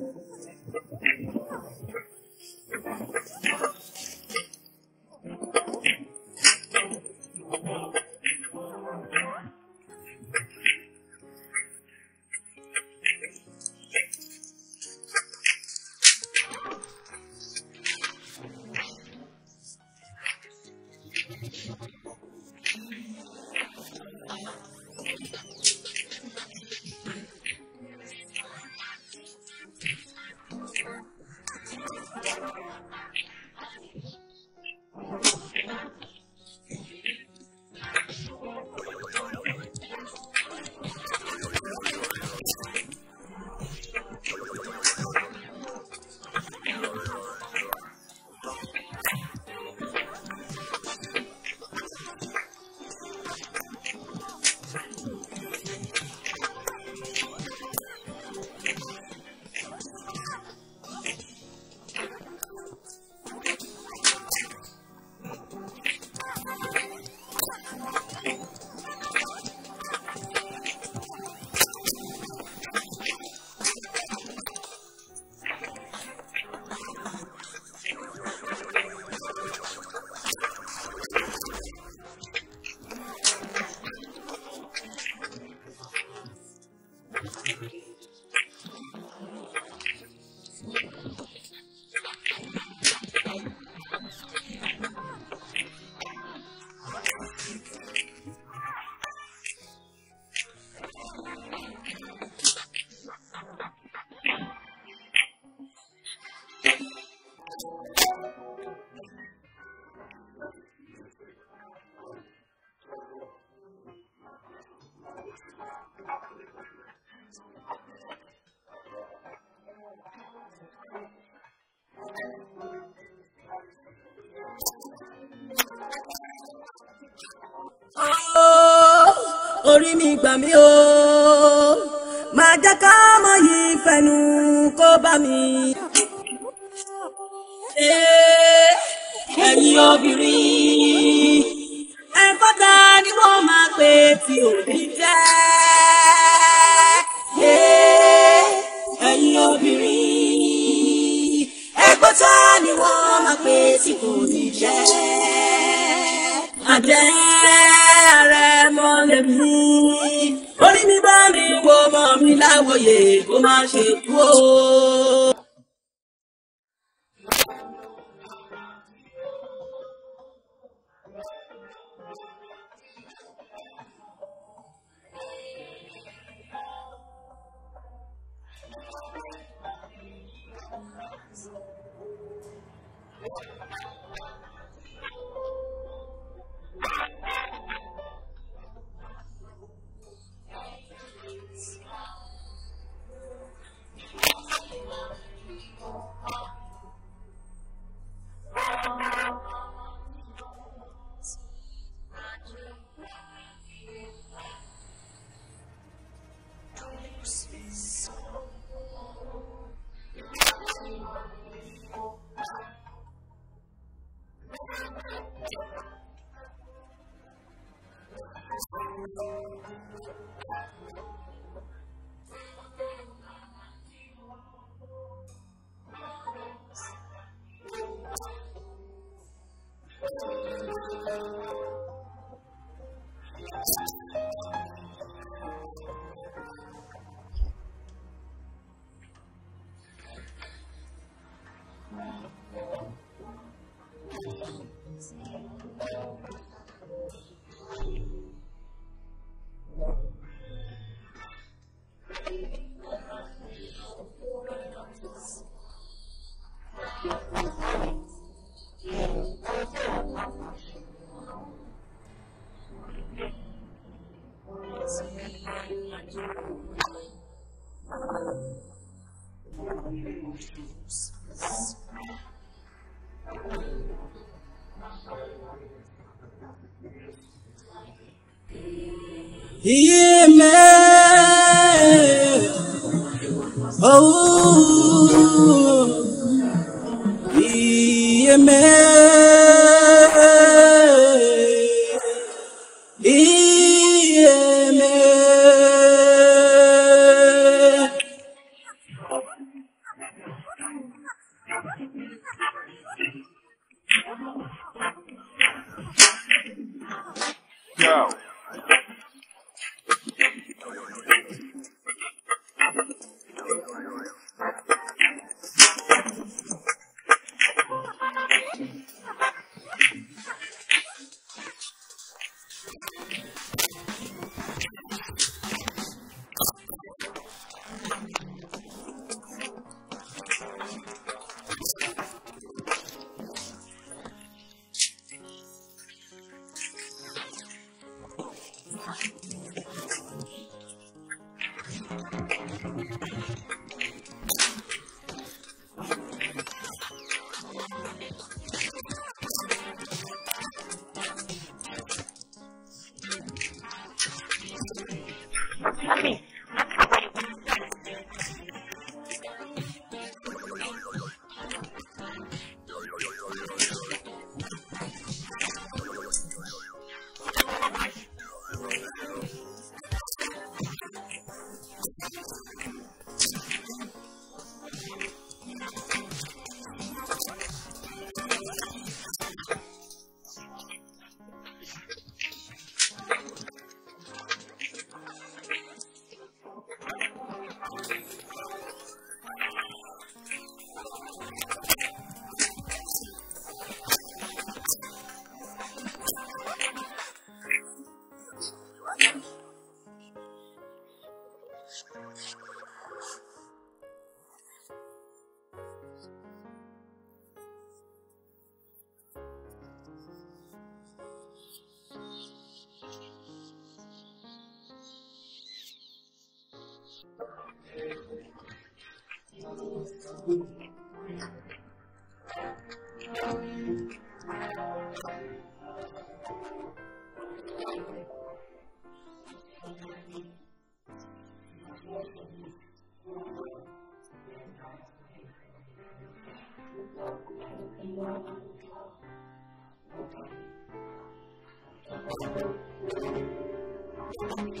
嗯。orí mi gbà mí o máa jẹ́ ká mọ̀ yìí fẹnu kó bá mi. ṣe kú He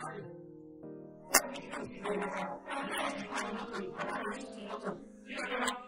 Thank you.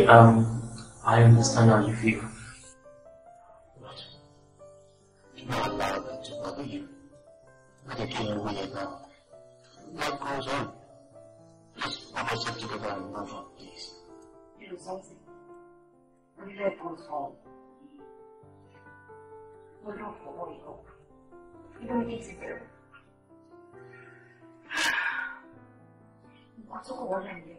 um, I understand how you feel. But do not allow them to bother you. They came away now. What goes on? Let's put ourselves together and move on, please. You know something? When life goes on, we don't follow you You don't need to do. What's all I'm doing?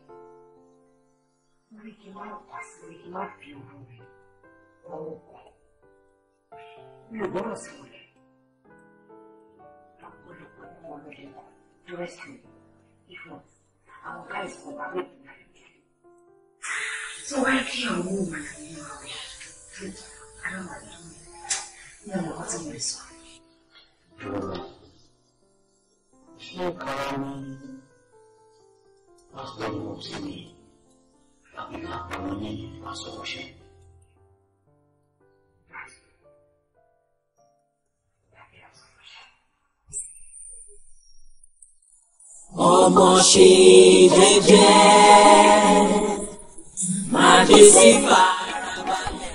orí kí n má wá sí orí kí n má fi òru mi ọwọ́ kan mi ò gbọ́dọ̀ sí wọn lẹ lọ́pọ̀lọpọ̀ ni wọn lọ lẹ́kọ̀ọ́ to rescue me if not àwọn guys kò bá mi kúrò so why kí àwọn ọmọ mi ní ìwà rẹ ara wà lórí ní ọmọ kan tí mo lè sọ. ṣé nǹkan ni pásítọ̀ ni mo ti ní àwọn àwọn ní àsọwọ́ṣẹ́. ọmọ ṣe jẹ́jẹ́ máa dé sí farabalẹ̀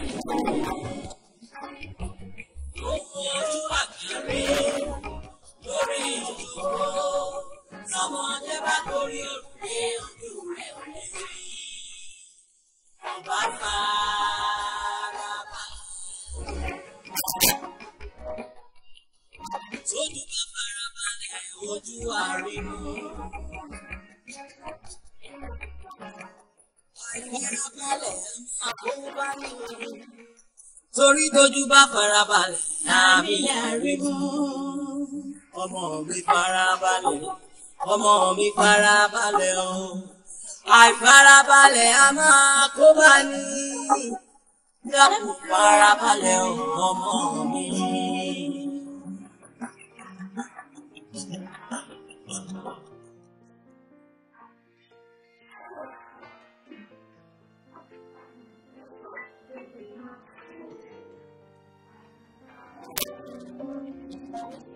lórí ojú àkèrè lórí ìdúró lọ́mọdé bá torí òrùlé ojú àrínú. Àìfarabalẹ̀ máa kó bá ní orí. Torí tójú bá farabalẹ̀, àmì àrímú. Ọmọ mi farabalẹ̀, ọmọ mi farabalẹ̀ o àìfarabalẹ̀ a máa kó bá ní dákun farabalẹ̀ ọmọ mi. Thank you.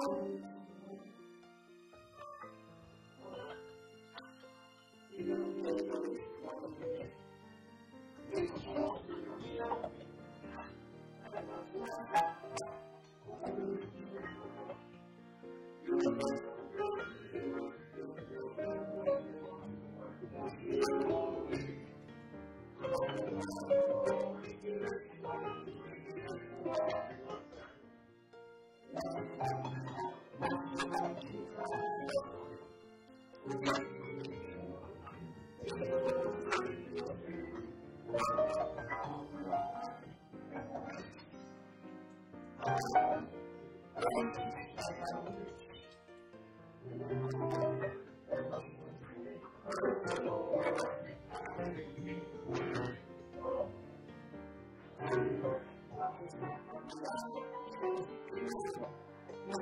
Thank you.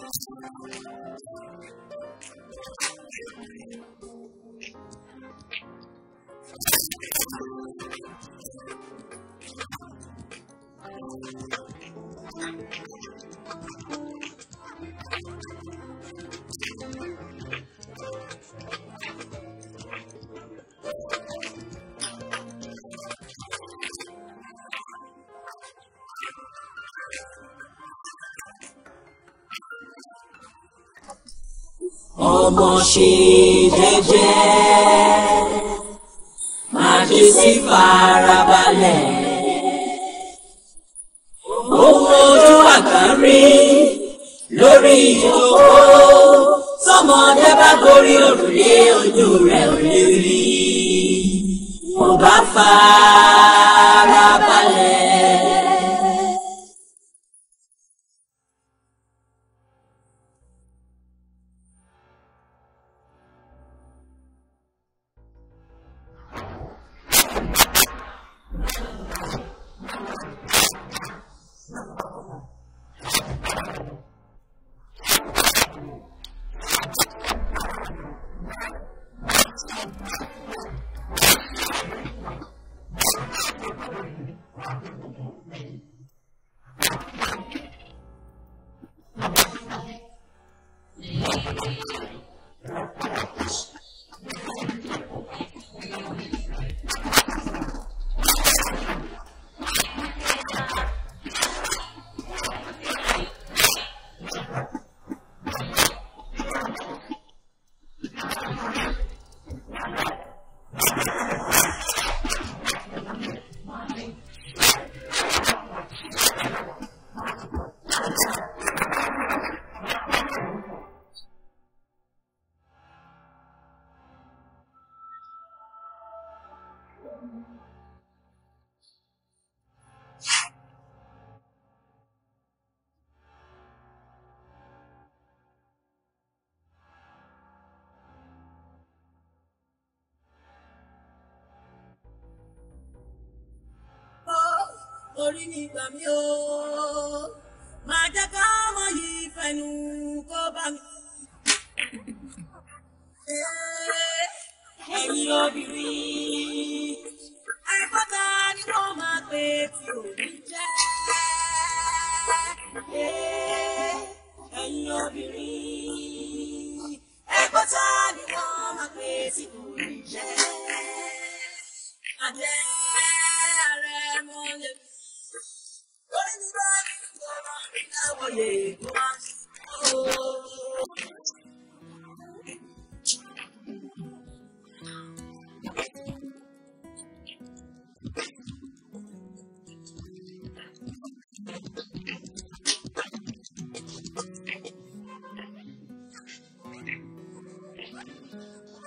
Thank you. ọmọ ṣe jẹ́jẹ́ májè sí farabalẹ̀ ohun ojú àgbà rí lórí ìjókòó tọmọdé bá gorí òrùlé ojú rẹ̀ ò lè rí mo bá farabalẹ̀. i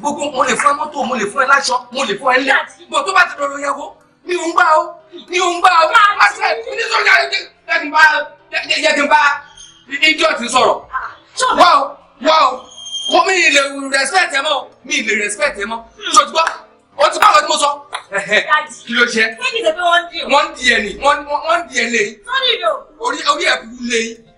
gbogbo mo lè fún ẹ mọ́tò mo lè fún ẹ láṣọ mo lè fún ẹ lẹ́ mo tó bá ti dọ̀rọ̀ ìyàwó ni ò bá o ni ò bá o má ṣe nítorí yẹ kí n idiot sọ̀rọ̀ wá o wá o mo mi lè respect ẹ mọ́ o mi lè respect ẹ mọ́ so ti gbọ́ o ti báwo ni mo sọ kí ló ṣe wọ́n di ẹ̀ ni wọ́n di ẹ̀ lé orí ẹ̀ lé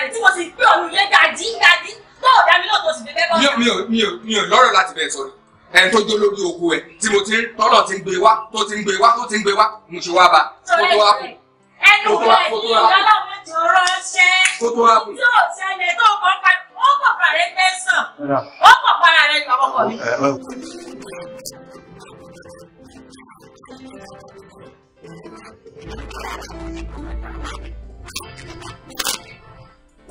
rẹ̀ tí mo sì pé òun yẹn gàdí gàdí tó ò dá mi lọ́tọ̀ sì fẹ́ bọ́. mi ò mi ò mi ò lọ́rọ̀ láti bẹ̀ sọ ẹni tó jó lórí oko ẹ tí mo ti tọ́lọ̀ ti ń gbé wá tó ti ń gbé wá tó ti ń gbé wá mo ṣe wá ba kó tó wá kù. ẹnu rẹ̀ ni ọlọ́run ti ránṣẹ́ kó tó wá kù. yóò ṣẹlẹ̀ tó kọ́ pa ó kọ̀ pa rẹ̀ fẹ́ sàn ó kọ̀ pa rẹ̀ lọ́kọ̀ mi. Thank you.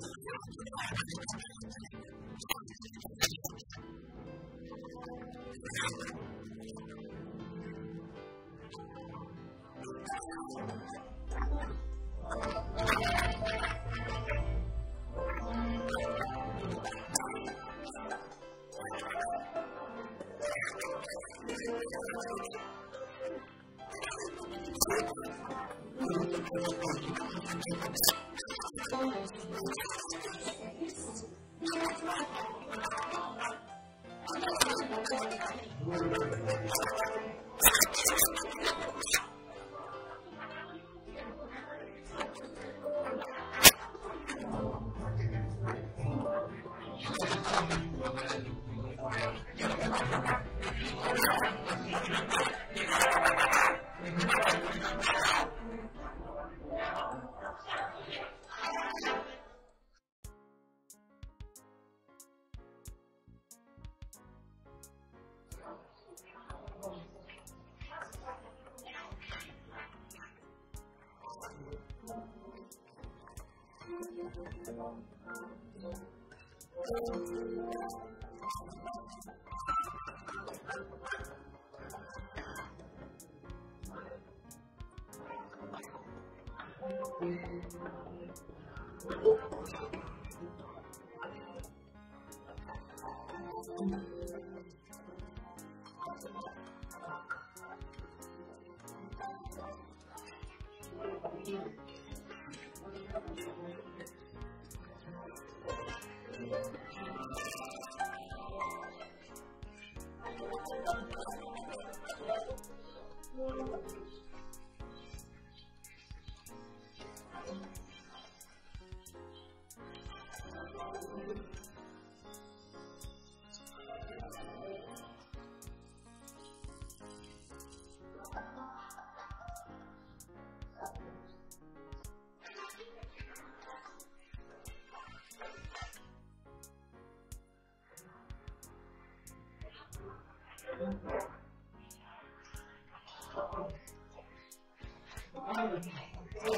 Thank you.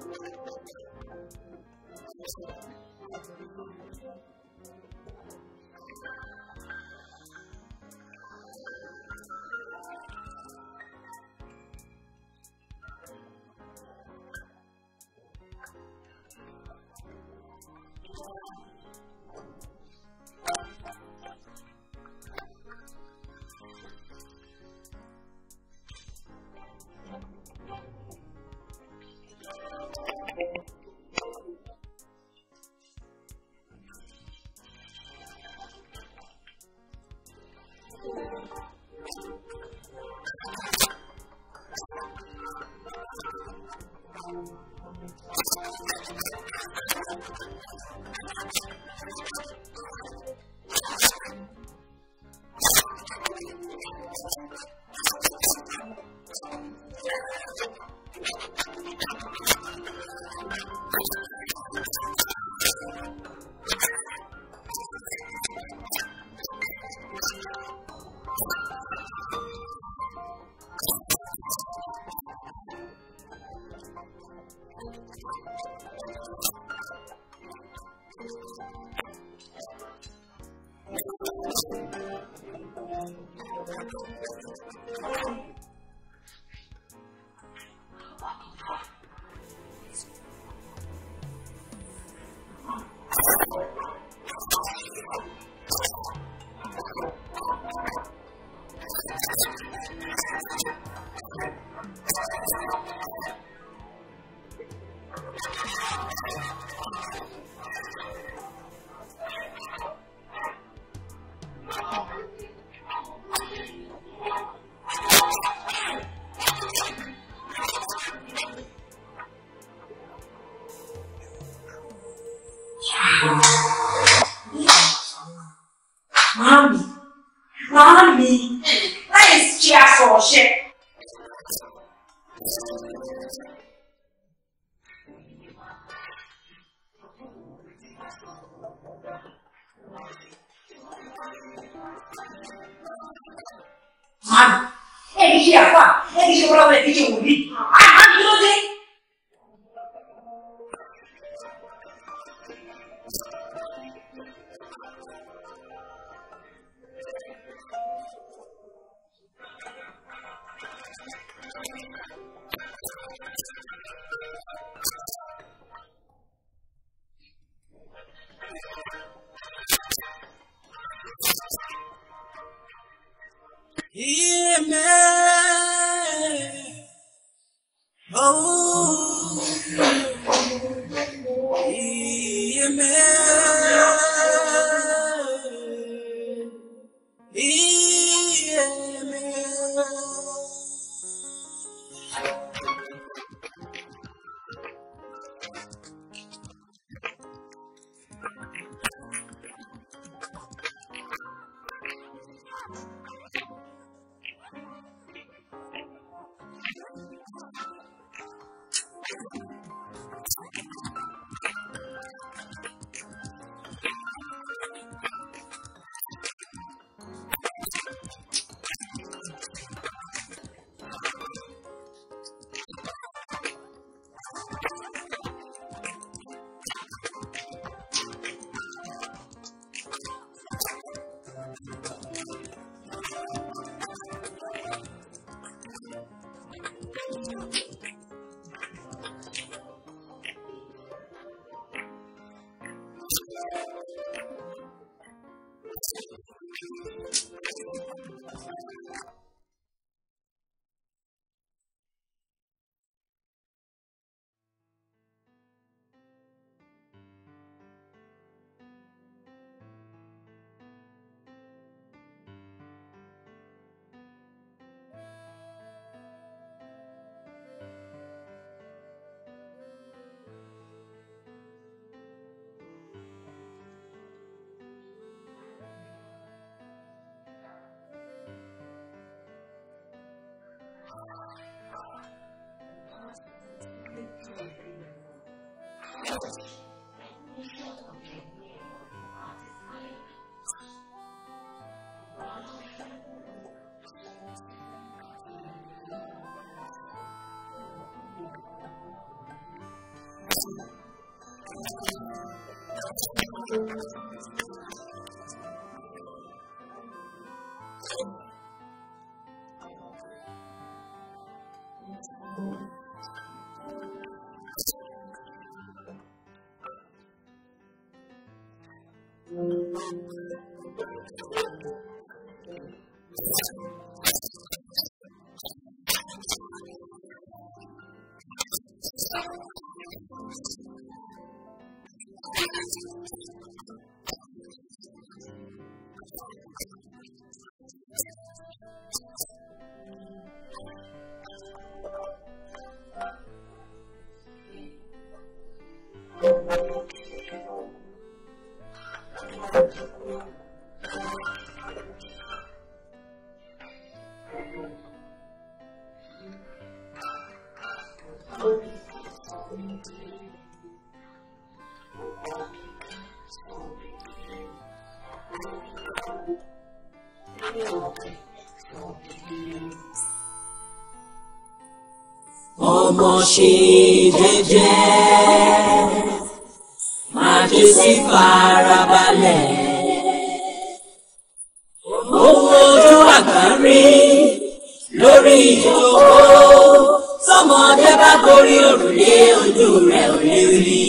Thank you. なに Amen. Oh, hear kan ṣe jẹ́jẹ́ máa ké sí farabalẹ̀ owó ojú àgbárí lórí ìjókòó tọmọdé bá gorí òrùlé ojú rẹ̀ ò lè rí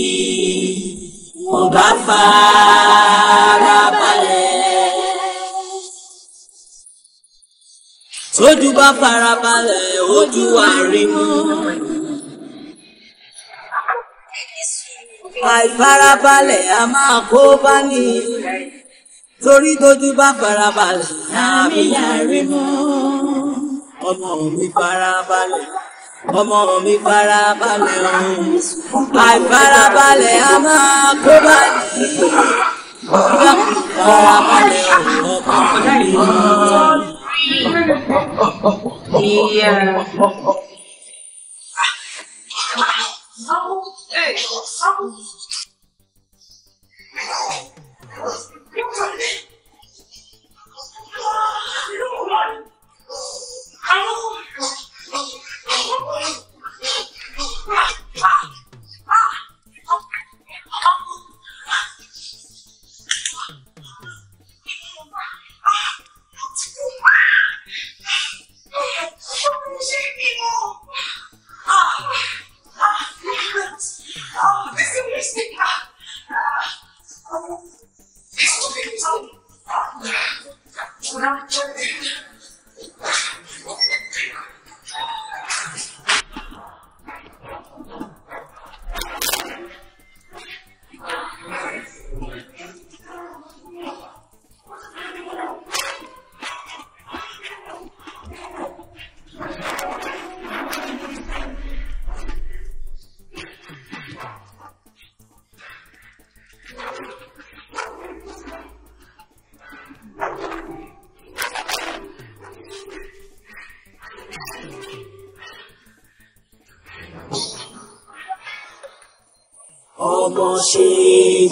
wọn bá farabalẹ̀ tójú bá farabalẹ̀ ojú àrímú. àìfarabalẹ̀ a máa kó bá ní torí tójú bá farabalẹ̀ àmì yàrí mú. ọmọ mi farabalẹ̀ ọmọ mi farabalẹ̀ ọ̀hún àìfarabalẹ̀ a máa kó bá ní. farabalẹ̀ ọkọ̀ mi. Yeah. Oh, hey, oh. Oh, this is mistake. Yeah.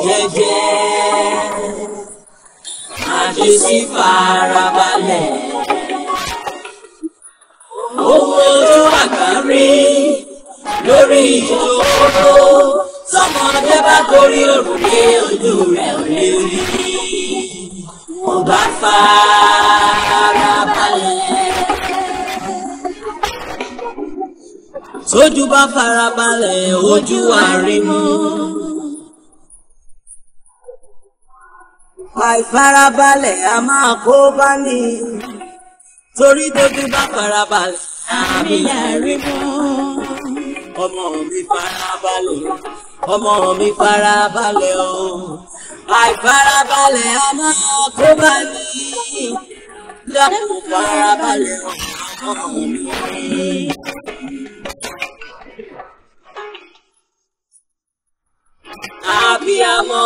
jẹ́jẹ́ àjèsí farabalẹ̀ ohun ojú àgbà rí lórí ìjókòó tọmọdé bá gorí òrùlé ojú rẹ̀ ò lè rí ọba farabalẹ̀. tójú bá farabalẹ̀ ojú àrímú. àìfarabalẹ̀ a máa kó bá ní torí débi bá farabalẹ̀ àmì lẹ́rí mọ́. ọmọ mi farabalẹ̀ ọmọ mi farabalẹ̀ o àìfarabalẹ̀ a máa kó bá ní lẹ́kùn farabalẹ̀ ọmọ mi. Abiyamọ.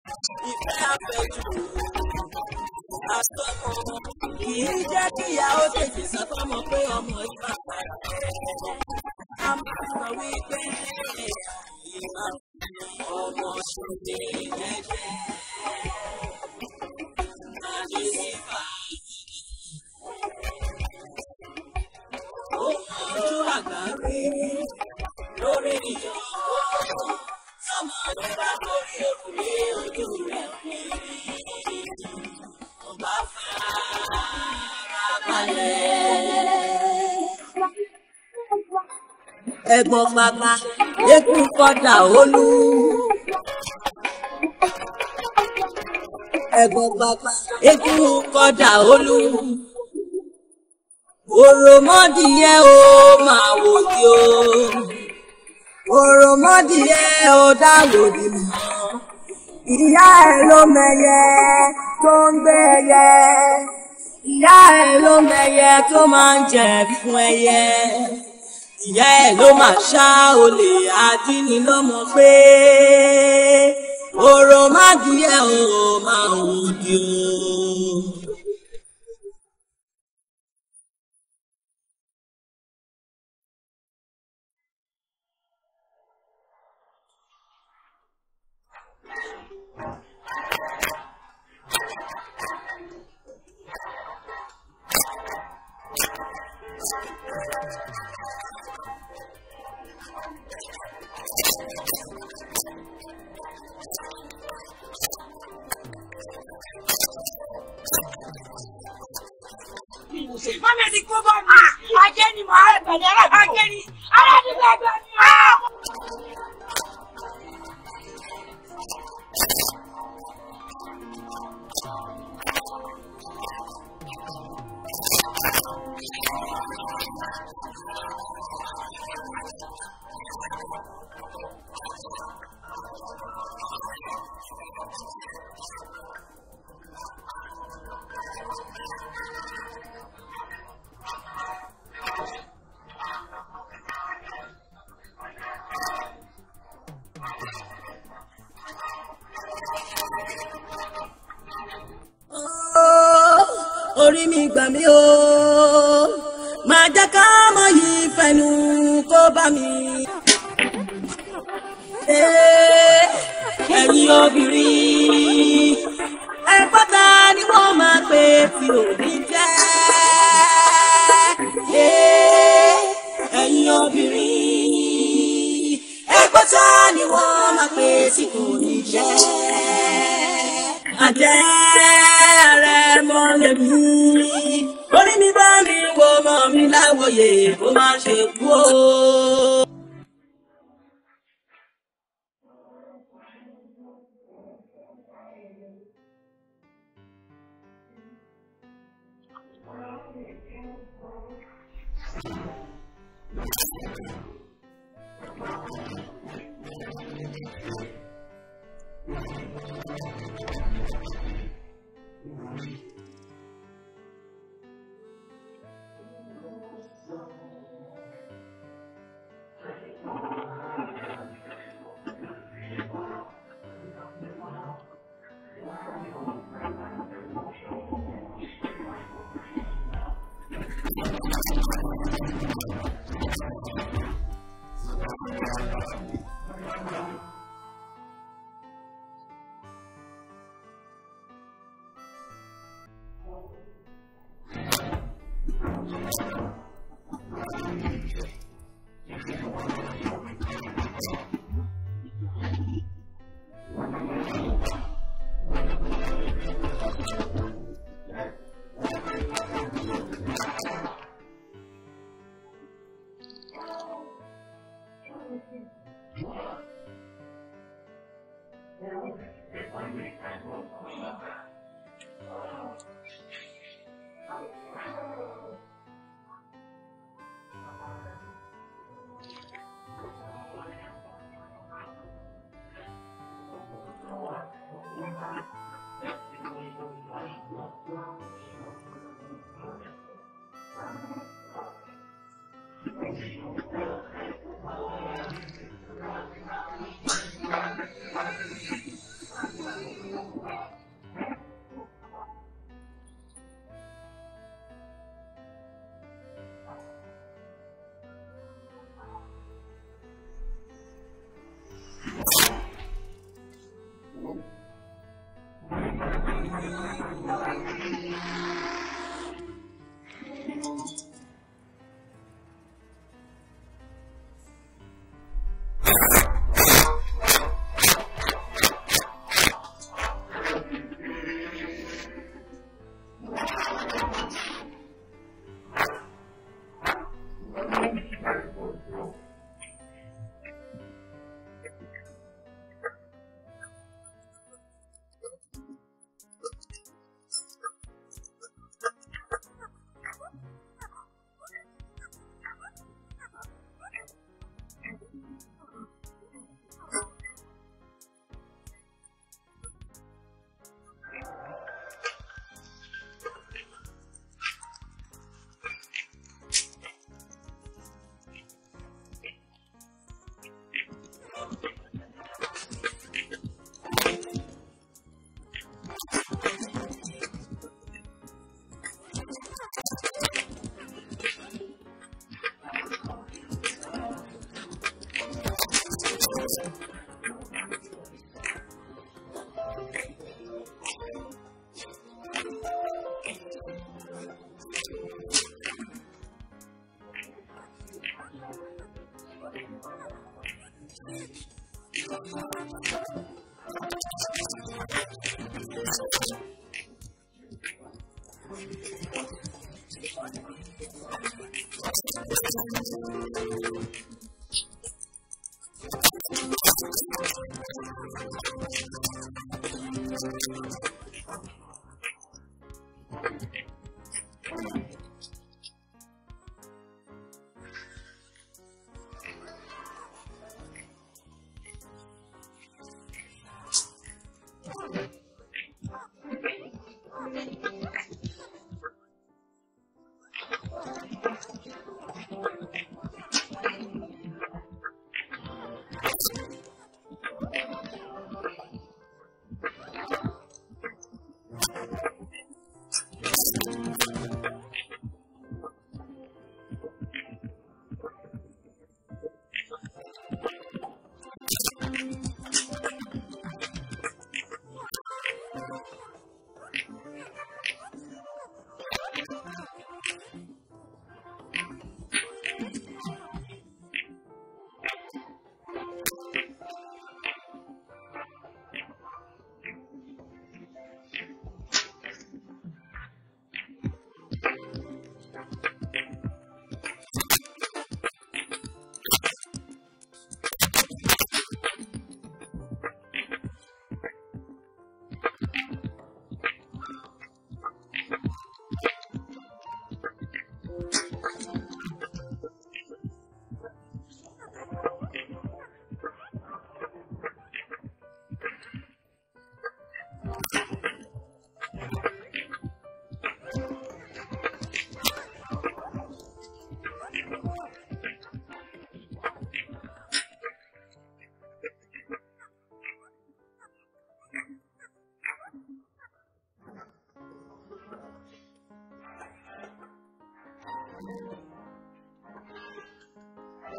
ìfẹ́ àfẹ́jù àsọ̀kọ̀ kì í jẹ́ kí ìyàwó kejì sọ fọ́mọ pé ọmọ ìfà para a máa sọ wípé ìyá ọmọ baa, ẹgbẹ́ O Ojú àgbà rí lórí ìjọba. ọmọ tó bá borí òrùlé ojú rẹ̀ bàbá eku kọ́dà olú. ẹ̀gbọ́n bàbá eku kọ́dà olú. òròmọdìyẹ o máa wò di o òròmọdìyẹ ó dá lòdì mọ́ ìyá ẹ ló mẹyẹ tó ń gbé ẹyẹ ìyá ẹ ló mẹyẹ tó máa ń jẹ fún ẹyẹ ìyá ẹ ló máa ṣá olè àdínilọ́mọ pé òròmọdìyẹ ó máa wò Mami ti kó bá mi. Ah, Ajé ni màá gbẹ̀dẹ̀ ara mi. Ajé ah! ni ara mi bẹ́ẹ̀ gbẹ̀ mi. orí mi gbà mí o máa jẹ́ ká mọ̀ yìí fẹnu kó bá mi. Eh, ẹ̀yin obìnrin ẹ̀pọ́tà ni wọ́n máa pè tí ò ní jẹ́. Eh, ẹ̀yin obìnrin ẹ̀pọ́tà ni wọ́n máa pè tí kò jẹ́. àjẹ́ rẹ̀ mọ́ lè ó mi bá mi wo ọmọ mi láwòye kó má ṣe kú o. Thank you. Thanks.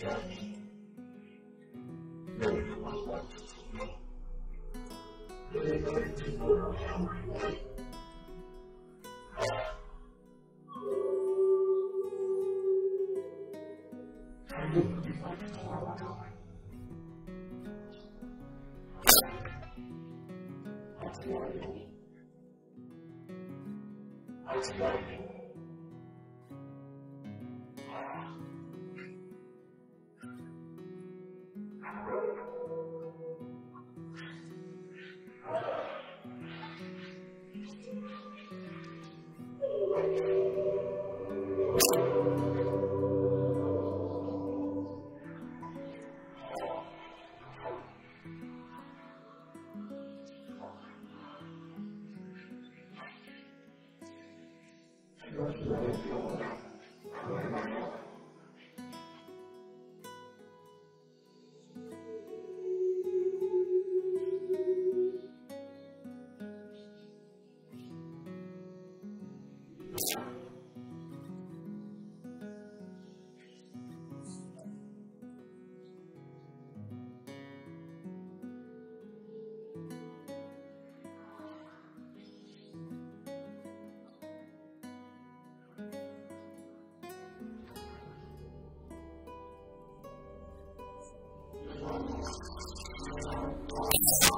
嗯。这是给我的，你拿走。Thanks.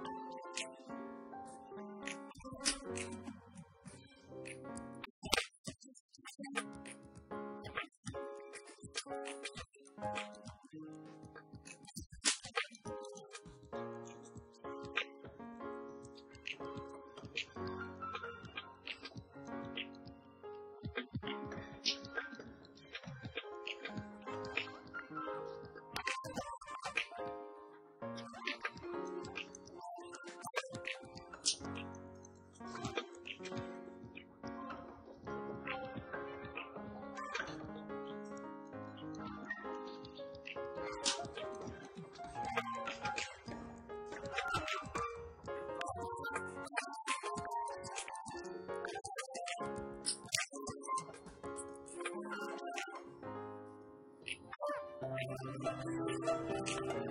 Thank you.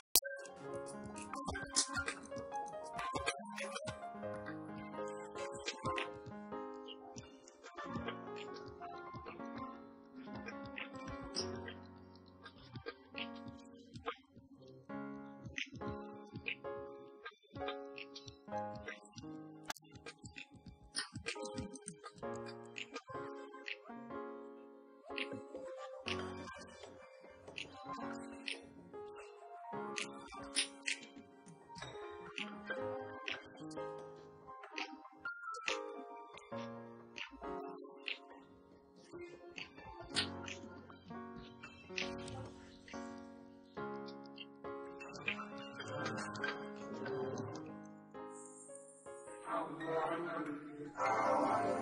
I'm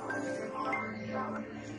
going to be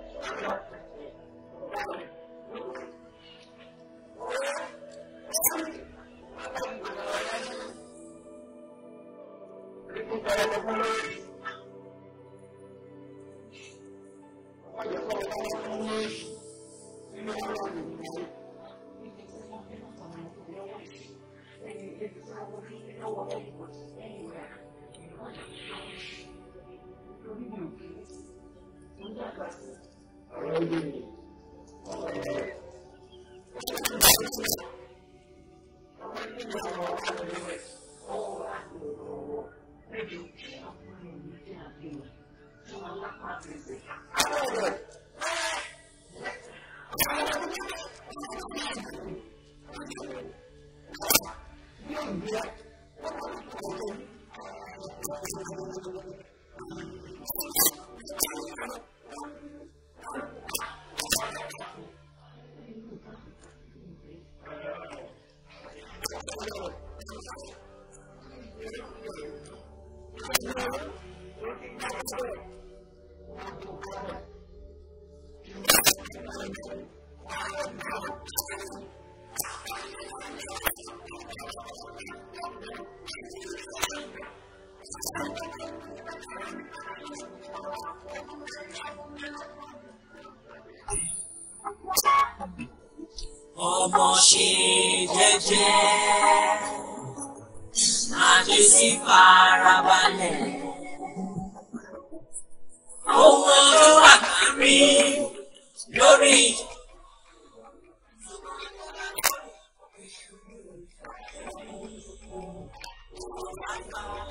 Thank you. ọmọ ṣe jẹ́jẹ́ àti sí farabalẹ̀ ohun ọdún wà kárí lórí. Thank you.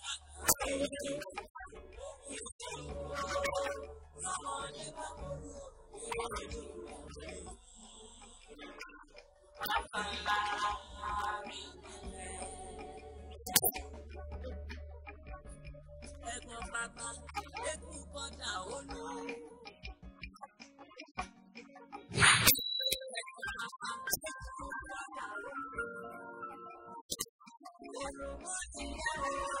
Ẹ̀gbọ́n Thank you.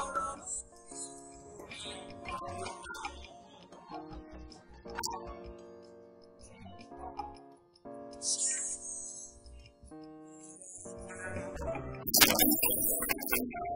Thank you.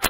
Thank you.